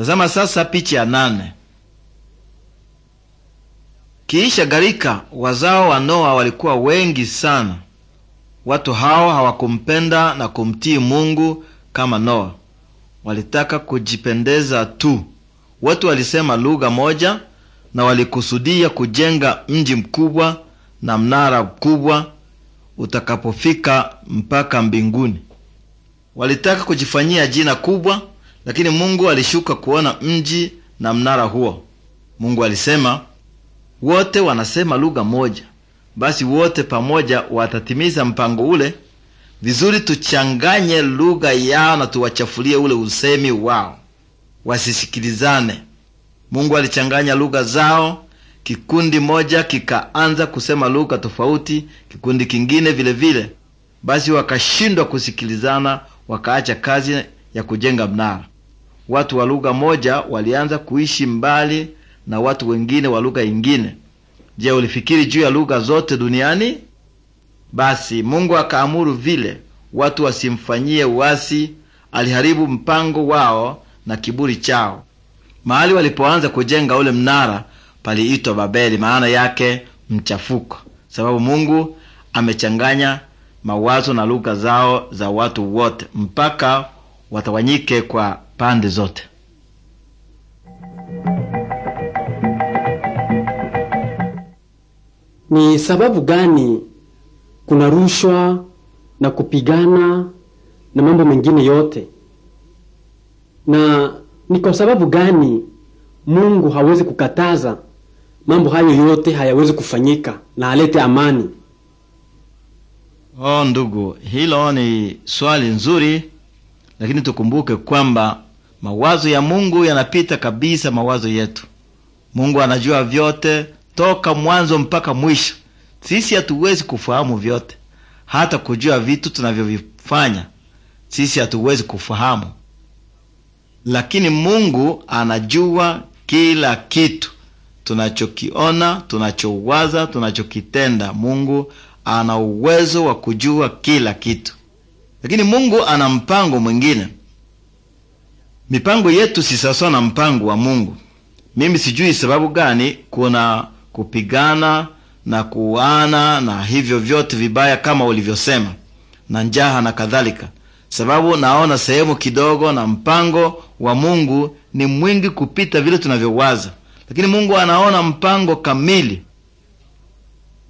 Tazama sasa picha ya nane. Kiisha gharika, wazao wa Noa walikuwa wengi sana. Watu hao hawakumpenda na kumtii Mungu kama Noa, walitaka kujipendeza tu. Watu walisema lugha moja na walikusudia kujenga mji mkubwa na mnara mkubwa utakapofika mpaka mbinguni. Walitaka kujifanyia jina kubwa lakini Mungu alishuka kuona mji na mnara huo. Mungu alisema, wote wanasema lugha moja, basi wote pamoja watatimiza mpango ule. Vizuri, tuchanganye lugha yao na tuwachafulie ule usemi wao, wasisikilizane. Mungu alichanganya lugha zao. Kikundi moja kikaanza kusema lugha tofauti, kikundi kingine vile vile. Basi wakashindwa kusikilizana, wakaacha kazi ya kujenga mnara watu wa lugha moja walianza kuishi mbali na watu wengine wa lugha ingine. Je, ulifikiri juu ya lugha zote duniani? Basi Mungu akaamuru vile watu wasimfanyie uasi. Aliharibu mpango wao na kiburi chao. Mahali walipoanza kujenga ule mnara paliitwa Babeli, maana yake mchafuko, sababu Mungu amechanganya mawazo na lugha zao za watu wote mpaka watawanyike kwa pande zote. Ni sababu gani kuna rushwa na kupigana na mambo mengine yote? Na ni kwa sababu gani Mungu hawezi kukataza mambo hayo yote hayawezi kufanyika na alete amani? Oh, ndugu, hilo ni swali nzuri, lakini tukumbuke kwamba Mawazo ya Mungu yanapita kabisa mawazo yetu. Mungu anajua vyote toka mwanzo mpaka mwisho. Sisi hatuwezi kufahamu vyote, hata kujua vitu tunavyovifanya sisi hatuwezi kufahamu, lakini Mungu anajua kila kitu tunachokiona, tunachowaza, tunachokitenda. Mungu ana uwezo wa kujua kila kitu, lakini Mungu ana mpango mwingine. Mipango yetu si sawa na mpango wa Mungu. Mimi sijui sababu gani kuna kupigana na kuana na hivyo vyote vibaya kama ulivyosema na njaha na kadhalika, sababu naona sehemu kidogo, na mpango wa Mungu ni mwingi kupita vile tunavyowaza, lakini Mungu anaona mpango kamili.